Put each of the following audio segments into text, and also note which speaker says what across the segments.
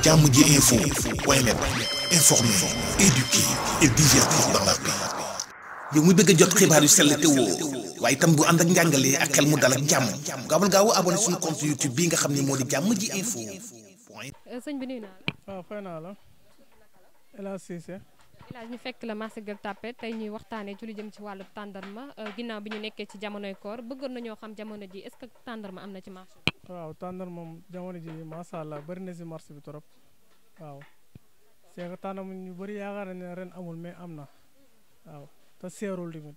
Speaker 1: jàmm ji info point net informer, éduquer yow mi bëgg jot xibaar yu sell te woo waaye itam bu ànd ak njàngalee ak xel mu dal ak jàmm gaawal gaaw abonné suñu compte YouTube bii nga xam ne moo di jàmm ji info.
Speaker 2: sëñ bi nuyu naa la.
Speaker 3: waaw ah, fay naa la El Hadj Cissé.
Speaker 2: ñu fekk la marché Gueule Tapée tey ñuy waxtaanee ci lu jëm ci wàllu tàndarma euh, ginnaaw bi ñu nekkee ci jamonoy koor bëggoon nañoo xam jamono ji est-ce que tàndarma am na ci marché.
Speaker 3: waaw tàndar moom jamono ji macha allah bëri na si marché bi trop waaw c'est que tàndar ñu bëri yaakaar nañ ne ren amul mais am na waaw te seerul tamit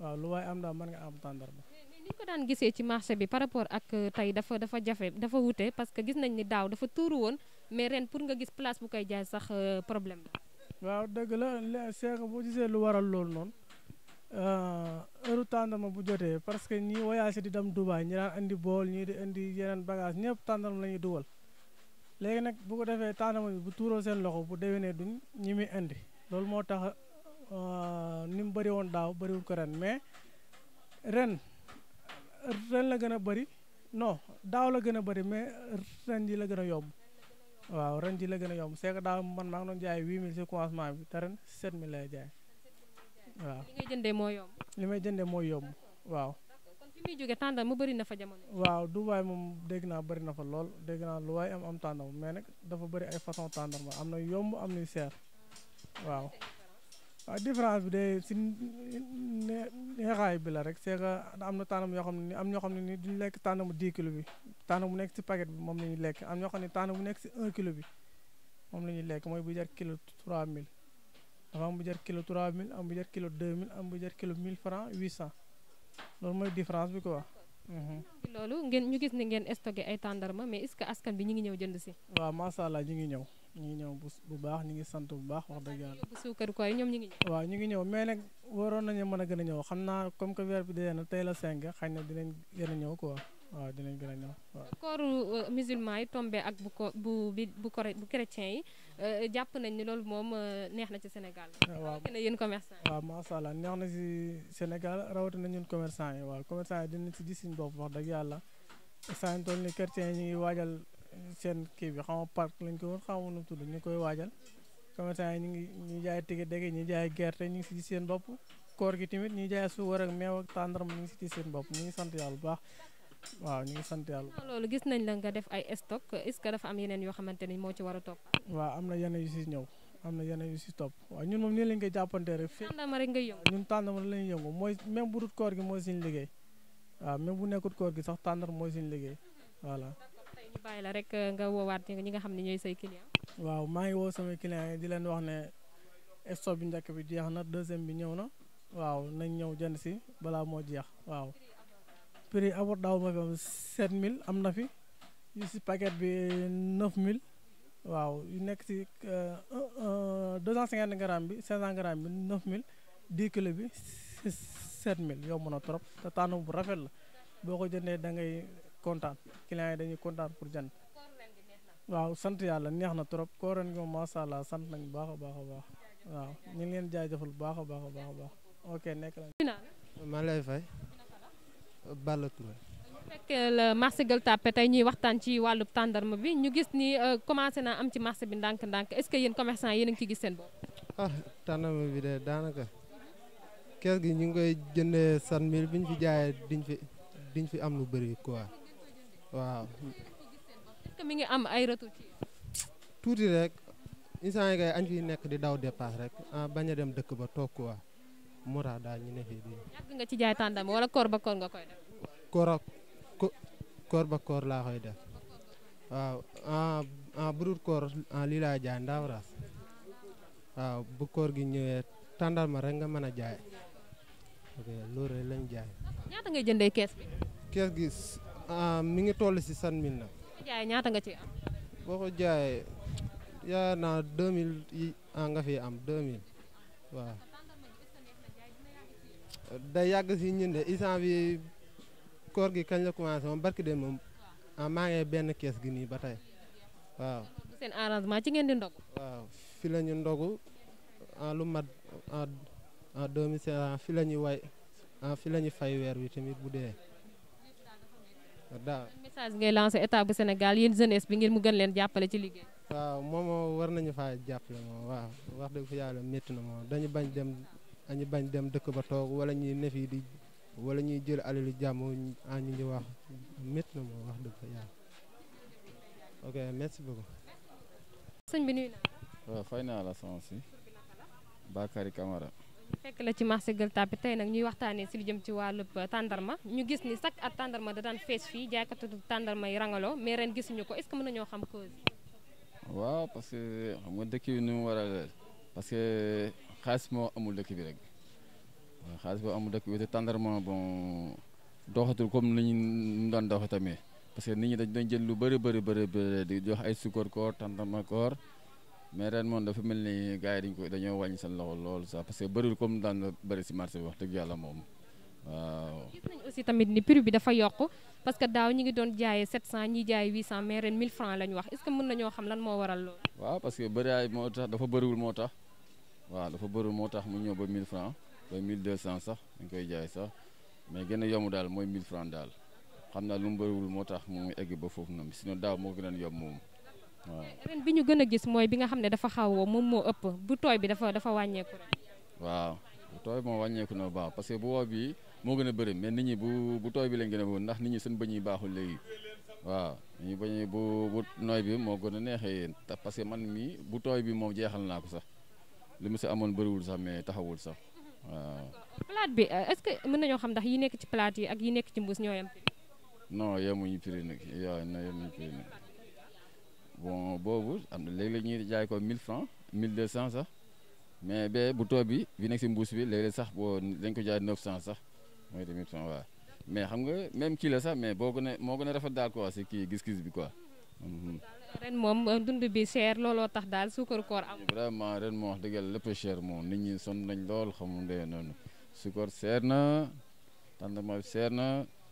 Speaker 3: waaw lu waaye am daal man nga am tàndar ba
Speaker 2: ñu ko daan gisee ci marché bi par rapport ak euh, tey dafa dafa jafe dafa wute parce que gis nañ ni daaw dafa tuuru woon mais ren pour nga gis place bu koy jaay sax euh, problème la.
Speaker 3: waaw dëgg la c'est boo gisee lu waral loolu noonu. Euh, heure tàndarma bu jotee parce que ñi voyage di dem Dubaay ñi daan indi bool ñii di indi yeneen bagage ñëpp tàndarma la ñuy dugal léegi nag bu ko defee tàndarma bu tuuroo seen loxo bu déwénee duñ ñi muy indi loolu moo tax euh, ni mu bëri woon daaw bëriwul ko ren mais ren ren la gën a bëri non daaw la gën a bari mais ren ji la gën a yomb waaw ren ji la gën a yomb c'est que man maa ngi doon jaay 8000 ci commencement bi te ren 7000 ay jaay waaw li ngay
Speaker 2: jëndee moo yomb.
Speaker 3: li may jëndee mooy yomb waaw.
Speaker 2: kon tàndam mu bëri na fa jamono.
Speaker 3: waaw Dubaay moom dégg naa bari na fa lool dégg naa lu waay am am tàndam mais nag dafa bëri ay façon tàndam am na yomb am na seer waaw. waaw différence bi de si neexaay bi la rek na tànnam xam ne am ñoo xam ne ni duñu lekk tànnamu 10 kilo bi tànnam bu nekk si paquet bi moom la ñu lekk am ñoo xam ne tànnam bu nekk si 1 kilo bi moom la ñuy lekk mooy bu jar kilo 3000 dafa am bu jar kilo 3000 am am bu jar kilo 1000 francs 800 loolu mooy différence bi quoi. Mhm.
Speaker 2: loolu ngeen ñu gis ne ngeen stocké ay tàndarma mais est-ce que askan bi ñu ngi ñëw jënd si.
Speaker 3: waaw macha ñu ngi ñëw ñu ngi ñëw bu baax ñu ngi sant bu baax wax dëgg yàlla.
Speaker 2: bu suukar koor yi ñoom ñu ngi ñëw.
Speaker 3: waaw ñu ngi ñëw mais nag waroon nañu mën a gën a ñëw xam naa comme que weer bi dee na tey la 5 xëy na dinañ gën a ñëw quoi. waaw dinañ gën a ñëw waaw.
Speaker 2: kooru euh, musulman yi tombé ak bu ko bu bu bu yi euh, jàpp nañ ni loolu moom euh, neex na ci Sénégal. Ah, waaw rawatina yéen commerçant
Speaker 3: yi. waaw macha allah neex na si Sénégal rawatina ñun commerçant yi waaw commerçant yi dinañ si gis suñu bopp dëgg yàlla saa yu ñu ngi waajal seen kii bi xaw ma lañ ko woon xaw ma nu mu tudd ñu koy yi ñu ngi ñu jaay tige dege ñu jaay gerte ñu ngi si gis seen bopp koor gi tamit ñu jaay suukar ak meew ak tàndarma ngi si gis seen bopp ñu ngi sant yàlla bu baax waaw ñu ngi sant yàlla.
Speaker 2: loolu gis nañ la nga def ay stock est-ce que dafa am yeneen yoo xamante ni moo ci war a topp.
Speaker 3: waaw am na yeneen yu si ñëw am na yeneen yu si topp waaw ñun moom nii lañ koy jàppantee rek. tàndama rek ngay yëngu. ñun tàndama mooy même bu dul koor gi mooy suñu même bu nekkul koor gi sax tàndar mooy suñu liggéey voilà.
Speaker 2: tey ñu bàyyi la rek euh, nga woowaat ñi nga xam ne ñooy say client.
Speaker 3: waaw maa ngi woo sama client yi di leen wax ne stock bi njëkk bi jeex na deuxième bi ñëw na waaw nañ ñëw jënd si balaa moo jeex waaw. prix abord daaw ma fi am 7000 am na fi yu si paquet bi 9000 waaw yu nekk si 250 euh, grammes bi 500 grammes bi 9000 10 kilo bi 7000 yomb na trop te tànn bu rafet la boo ko jëndee da ngay kontaan clients yi dañuy kontaan pour jënd waaw sant yàlla neex na trop koo ren gi moom sant allah sant nañu baax a baax a baax waaw ñu ngi leen jaajëfal baax baax a baax a baax ok nekk
Speaker 1: la. maa Balla Touré.
Speaker 2: bu fekkee la marché Gueule Tapée tey ñuy waxtaan ci wàllu tàndarma bi ñu gis ni euh, commencé naa am ci marché bi ndànk-ndànk est-ce que yéen commerçant yéen ngi ci gis seen bopp.
Speaker 1: ah tàndarma bi de daanaka kees gi ñu ngi koy jëndee cent mille bi ñu fi jaayee diñ fi diñ fi am lu bëri quoi waaw.
Speaker 2: est mi ngi am ay retour ci.
Speaker 1: tuuti rek instant yi kay añ fi nekk di daw dépasse rek ah bañ a dem dëkk ba toog quoi. moo tax daal ñu ne fii di.
Speaker 2: nga ci jaay tàndam wala koor ba koor nga koy def.
Speaker 1: laa koy def waaw en ah, ah, bu dul koor en ah, lii jaay ndaaw waaw bu koor gi ñëwee tàndal ma rek nga mën a jaay ok loolu lañ jaay.
Speaker 2: ñaata ngay jëndee gi
Speaker 1: mi ngi toll si cent mille ñaata nga ci am. boo ko jaayee yaa naa deux mille yi nga fi am deux mille waaw. day yàgg si ñun de instant bi koor gi kañ la commencé moom barki de moom ah maa benn kees gi nii ba tey waaw.
Speaker 2: seen arrangement ci ngeen di ndog.
Speaker 1: waaw fi ñu ndogu en ah, lu mat en ah, ah, deux mille cinq la ñuy way fi la ñuy fay weer wi tamit bu dee. daaw
Speaker 2: message ngay état bu Sénégal yéen jeunesse bi ngir mu leen jàppale ci liggéey.
Speaker 1: moom war nañu faa jàppale moom waaw wax dëgg yàlla métti na moom dañu bañ dem. dañu bañ dem dëkk ba toog wala ñuy ne fii di wala ñuy jël alalu jàmm ah ñu wax métti na moo wax dëgg fa yàlla ok merci beaucoup.
Speaker 2: sëñ bi nuyu na la.
Speaker 4: waaw fay naa la soxna si. Bakary Camara.
Speaker 2: fekk la ci marché Gueule Tapée tey nag ñuy waxtaanee si lu jëm ci wàllub tàndarma ñu gis ni chaque at tàndarma da daan fees fii jaaykatu tàndarma yi rangaloo mais ren gisuñu ko est ce que mën nañoo xam cause.
Speaker 4: waaw parce xam nga dëkk yi nu mu war a que. xaalis moo amul dëkk bi rek waaw xaalis boo amul dëkk bi te tendrement bon doxatul comme ni ñu doon doxe tamit parce que nit ñi dañ doon jël lu bëri bëri bëri bëri di jox ay sukkar koor tendrement koor mais ren moom dafa mel ni gars yi dañ ko dañoo wàññi seen loxo loolu sax parce que bëriwul comme daan la bëri wax dëgg yàlla moom waaw.
Speaker 2: gis bi dafa yokk parce que daaw doon jaayee 700 ñi jaay 800 mais ren 1000 francs la wax est ce que mën nañoo xam lan moo waral loolu.
Speaker 4: waaw parce que bëriwaay moo tax dafa bëriwul moo tax. waaw dafa bëri moo tax mu ñëw ba 1000 francs ba 1200 sax dañ koy jaay sax mais gën a yomb daal mooy 1000 francs daal xam naa lu mu bëriwul moo tax mu egg ba foofu noonu sinon daaw moo gën a moom waaw.
Speaker 2: bi ñu gën a gis mooy bi nga xam ne dafa xaw moom moo ëpp bu tooy bi dafa dafa wàññeeku.
Speaker 4: waaw bu tooy bi moom wàññeeku baax parce que bu wow bi moo gën bëri mais nit ñi bu bu tooy bi lañ gën a ndax nit ñi seen bëñ yi baaxul léegi. waaw ñu bañ bu bu nooy bi moo gën a neexee yéen parce que man mii bu tooy bi moom jeexal naa ko sax li mu si amoon bëriwul sax mais taxawul sax waaw.
Speaker 2: plate bi euh, est-ce que mën nañoo xam ndax yi nekk ci plate yi ak yi nekk ci mbuus ñoo yem.
Speaker 4: non yemuñu prix nag yaa na boobu am na léeg-léeg ñuy jaay ko mille francs 1200 sax mais be bu toob bi bi nekk si mbuus bi léeg sax boo dañ ko jaay 900 sax mooy 1000 francs waa mais xam nga même kii la sax mais boo gën a moo gën a rafet daal quoi si kii gis-gis bi quoi. Mhm.
Speaker 2: ren moom euh, dund bi seer looloo tax daal suukar koor am
Speaker 4: vraiment ren moom wax dëgg yàlla lépp cher moom nit ñi sonn nañ lool xamul ndee noonu suukar seer na tendement bi seer na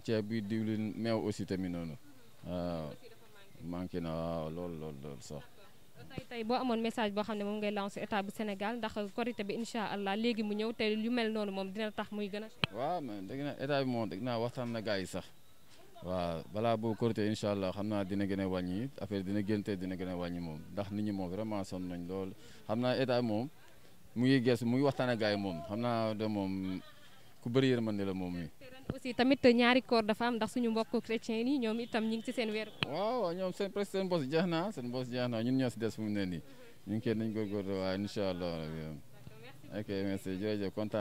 Speaker 4: ceeb bi diwlin meew aussi tamit noonu waaw manqué na waaw lool lool lool sax
Speaker 2: tey tey boo amoon message boo xam ne moom ngay lancé état bu Sénégal ndax korité bi incha allah léegi mu ñëw te lu mel noonu moom dina tax muy gën a
Speaker 4: waaw mais dégg naa état bi moom dégg naa waxtaan na gars yi sax waaw balaa boo Korité incha allah xam naa dina gën a wàññi affaire dina gën te dina gën a wàññi moom ndax nit ñi moom vraiment sonn nañ lool xam naa état moom mu ngi gees mu ngi waxtaan ak yi moom xam naa de moom ku bëri yërmande la moom yi.
Speaker 2: aussi tamit ñaari koor dafa am ndax suñu mbokku chrétien yi ñoom itam ñu ngi ci seen weer. waaw ñoom seen
Speaker 4: presque seen bos jeex na seen bos jeex na ñun ñoo ci des fu mu ne nii ñu ngi kenn nañ góorgóorlu waaye incha allah. ok merci jërëjëf